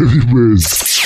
Heavy Bass.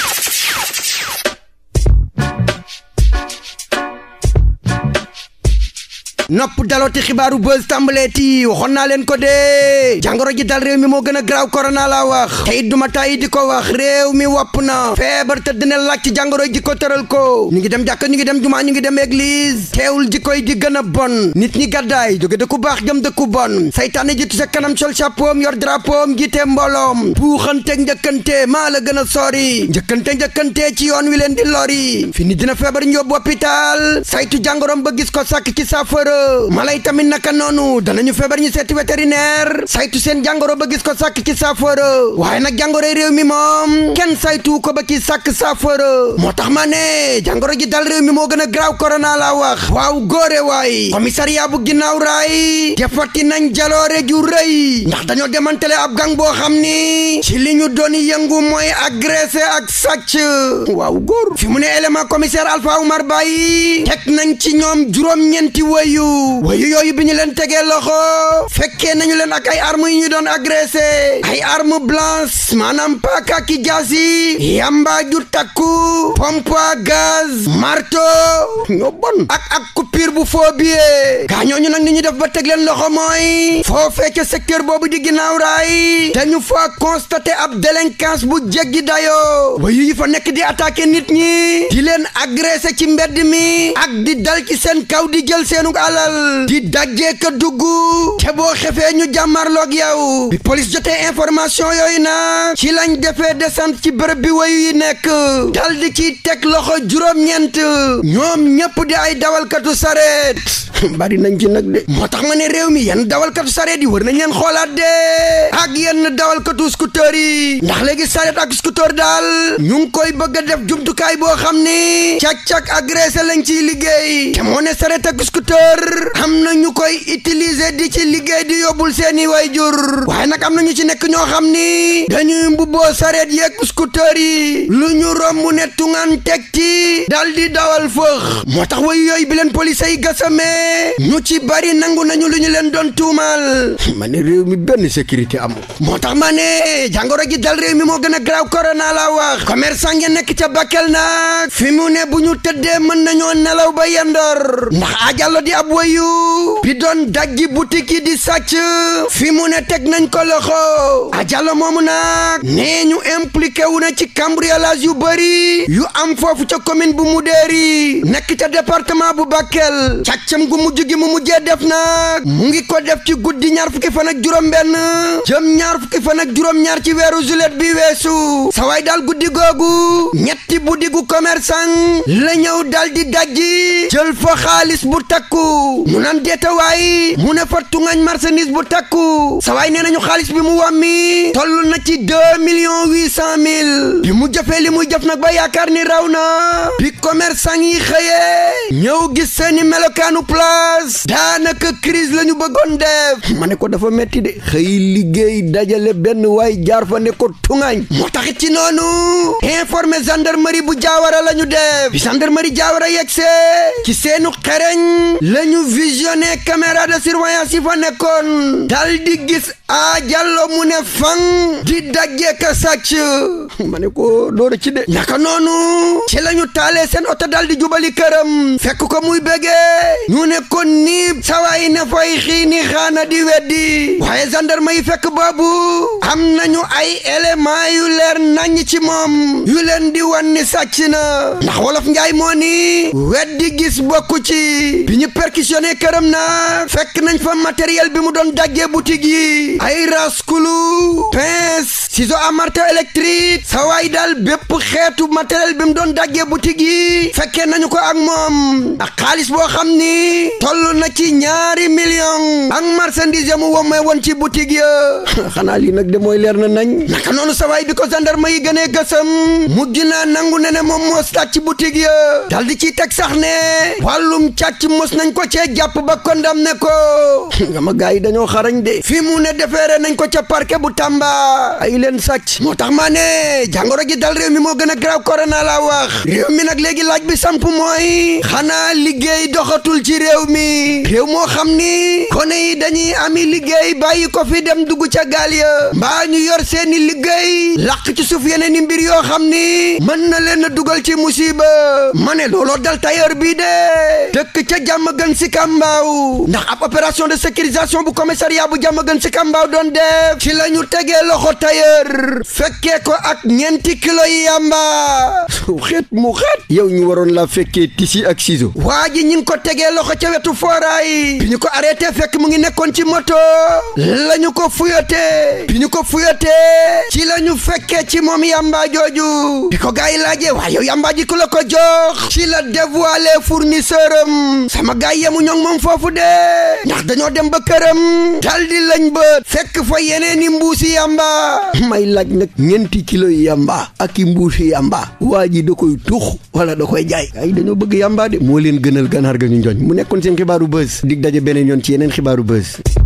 nopp dalooti xibaaru buzz tàmbaleeti waxoon naa leen ko dee jàngoro ji dal réew mi moo gën a garaaw korona laa wax te it duma tàyyi di ko wax réew mi wopp na feebar te dina laaj ci jàngoro ji ko tëral ko ñu ngi dem jàkka ñu ngi dem jumaa ñu ngi dem église teewul ji koy di gën a bon nit ñi gàddaay jóge dëkku baax jëm dëkku bon saytaane jiitu sa kanam sol chapeau yor drapeau jiite mbooloom puuxante njëkkante maa la gën a sori njëkkante njëkkante ci yoon wi leen di lori fini dina feebar ñu yóbbu hôpital saytu ba gis ko sàkk ci mala yi tamit naka noonu danañu feebar ñu seeti vétérinaire saytu seen jàngoro ba gis ko sakk ci saafara waaye nag jàngoro réew mi moom kenn saytu ko ba ci sàkk saafara moo tax ma ne jàngoro ji dal réew mi moo gën a graaw korona laa wax waaw góore waay commissariat bu ginnaaw raay defati nañ jaloore ju rëy ndax dañoo demantele ab gang boo xam ni ci li ñu doon yëngu mooy agressé ak sàcc waaw góor fi mu ne élément commissaire Alpha Oumar Baye teg nañ ci ñoom juróom yooyu wayu yooyu bi ñu leen tegee loxo fekkee nañu leen ak ay armes yu ñu doon agressé ay armes blanches maanaam paaka ki jaasi yamba ju takku pompe à gaz marteau ñoo bon ak ak coupure bu foo biyee gaa ñooñu nag ni ñu def ba teg leen loxo mooy foo fekkee secteur boobu di ginnaaw raay te a fa constaté ab délinquance bu jéggi dayoo wayu yi fa nekk di attaqué nit ñi di leen agressé ci mbedd mi ak di dal ci seen kaw di jël seenu xoolal di daggee ka dugg te boo xefee ñu jàmmarloog yaw bi police jotee information yooyu na ci lañ defee descente ci bërëb bi wayu yi nekk dal di ciy teg loxo juróom-ñeent ñoom ñëpp di ay dawalkatu sareet bari nañ ci nag de moo tax ma ne réew mi yan dawalkatu sareet yi war nañ leen xoolaat de ak yenn dawalkatu scooter yi ndax léegi sareet ak scooter daal ñu ngi koy bëgg a def jumtukaay boo xam ni càq-càq agressé lañ ciy liggéey moo ne sareet ak scooter am na ñu koy utiliser di ci liggéey di yóbbul seeni waajur waaye nag am na ñu ci nekk ñoo xam ni dañuy mbubboo sareet yeeg scooter yi lu ñu romb ne tungaan teg ci dal di dawal fëx moo tax wayu yooyu bi leen police yi gasamee ne ñu ci bari nangu nañu lu ñu leen doon tuumaal ma ne réew mi benn sécurité amul moo tax mane ne jàngoro ji dal réew mi moo gën a graaw korona la wax commerçant ya nekk ca Bakel nag fi mu ne bu ñu tëddee mën nañoo nelaw ba yendoor ndax ajallo di ab wayu bi doon daggi boutique yi di sàcc fi mu ne teg nañ ko loxo ajallo moomu nag nee ñu impliqué wu na ci cambriolage yu bari yu am foofu ca commune bu Mudéeri nekk ca département bu Bakel càccam gu mujj gi mu mujjee def nag mu ngi ko def ci guddi ñaar fukki fan ak juróom-benn jëm ñaar fukki fan juróom-ñaar ci weeru juillet bi weesu sawaay daal guddi googu ñetti buddi gu commerçant la ñëw dal di dajji jël fa xaalis bu takku mu naan deetawaay mu ne fa tungañ marchandise bu takku sawaay nee nañu xaalis bi mu wàmmi toll na ci deux millions huit cent mille bi mu jëfee li muy jëf nag ba yaakaar ni raw na bi commerçant yi xëyee ñëw gis seeni melokaanu pla oustaz daanaka crise la ñu bëggoon def ma ne ko dafa metti de xëy liggéey dajale benn waay jaar fa ne ko tuŋaañ moo taxit ci noonu informé gendarmerie bu jaawara la ñu def bi gendarmerie jaawara yegsee ci seenu xereñ la ñu visionné caméra de surveillance yi fa nekkoon dal di gis a jàllo mu ne fang di daggee ka sàcc ma ne ko dóora ci de naka noonu ci la ñu taalee seen oto dal jubali këram fekk ko muy bégee kon niib sawaay na fay xiini xaana di weddi waaye gendarme yi fekk boobu am nañu ay élément yu leer nañ ci moom yu leen di wan sàcc na ndax wolof njaay moo ni weddi gis bokku ci bi ñu perquisitionné këram na fekk nañ fa matériel bi mu doon daggee boutique yi ay raskulu pince ciseau à marteau électrique sa waay daal bépp xeetu matériel bi mu doon daggee boutique yi fekkee nañu ko ak moom ak xaalis boo xam ni toll na ci ñaari million ak marchandise ya mu wommee won ci boutique ya xanaa lii nag de mooy leer na nañ a noonu sa waay bi ko gendarme yi gënee gësam mujj naa nangu ne ne moom moo sàcc boutique ya dal di ciy teg sax ne wàllum càcc mos nañ ko cee jàpp ba condamné ko nga ma gars yi dañoo xarañ de fi mu ne defeere nañ ko ca parquet bu Tamba leen sàcc moo tax maa ne jàngoro ji dal réew mi moo gën a graaw korona laa wax réew mi nag léegi laaj bi samp mooy xanaa liggéey doxatul ci réew mi réew moo xam ni kone yi dañuy ami liggéey bàyyi ko fi dem dugg ca gal ya mbaa ñu yor seeni liggéey làq ci suuf yeneen mbir yoo xam ni mën na leen a dugal ci musiba ma ne looloo dal tailleur bii de dëkk ca jàmm gën si ndax ab opération de sécurisation bu commissariat bu jàmm gën si doon def ci la ñu heure fekkee ko ak ñeenti kilo yi yamba xet mu xet yow ñu waroon la fekkee tisi ak ciseau waa ji ñi ngi ko tegee loxo ca wetu fooraay bi ñu ko arrêté fekk mu ngi nekkoon ci moto la ñu ko fuyotee bi ñu ko fuyotee ci la ñu fekkee ci moom yamba jooju bi ko gars yi laajee waa yow yamba ji ku la ko jox ci la dévoilé fournisseur am sama gars yemu ñoŋ moom foofu de ndax dañoo dem ba këram daldi lañ bët fekk fa yeneeni mbuusi yamba may laaj nag ñeenti kilo yi yamba ak i mbuusi yamba waa ji da koy tux wala da koy jaay ay dañoo bëgg yamba de moo leen gënal ganaar ga ñu njoñ mu nekkoon seen xibaaru bës dig daje beneen yoon ci yeneen xibaaru bës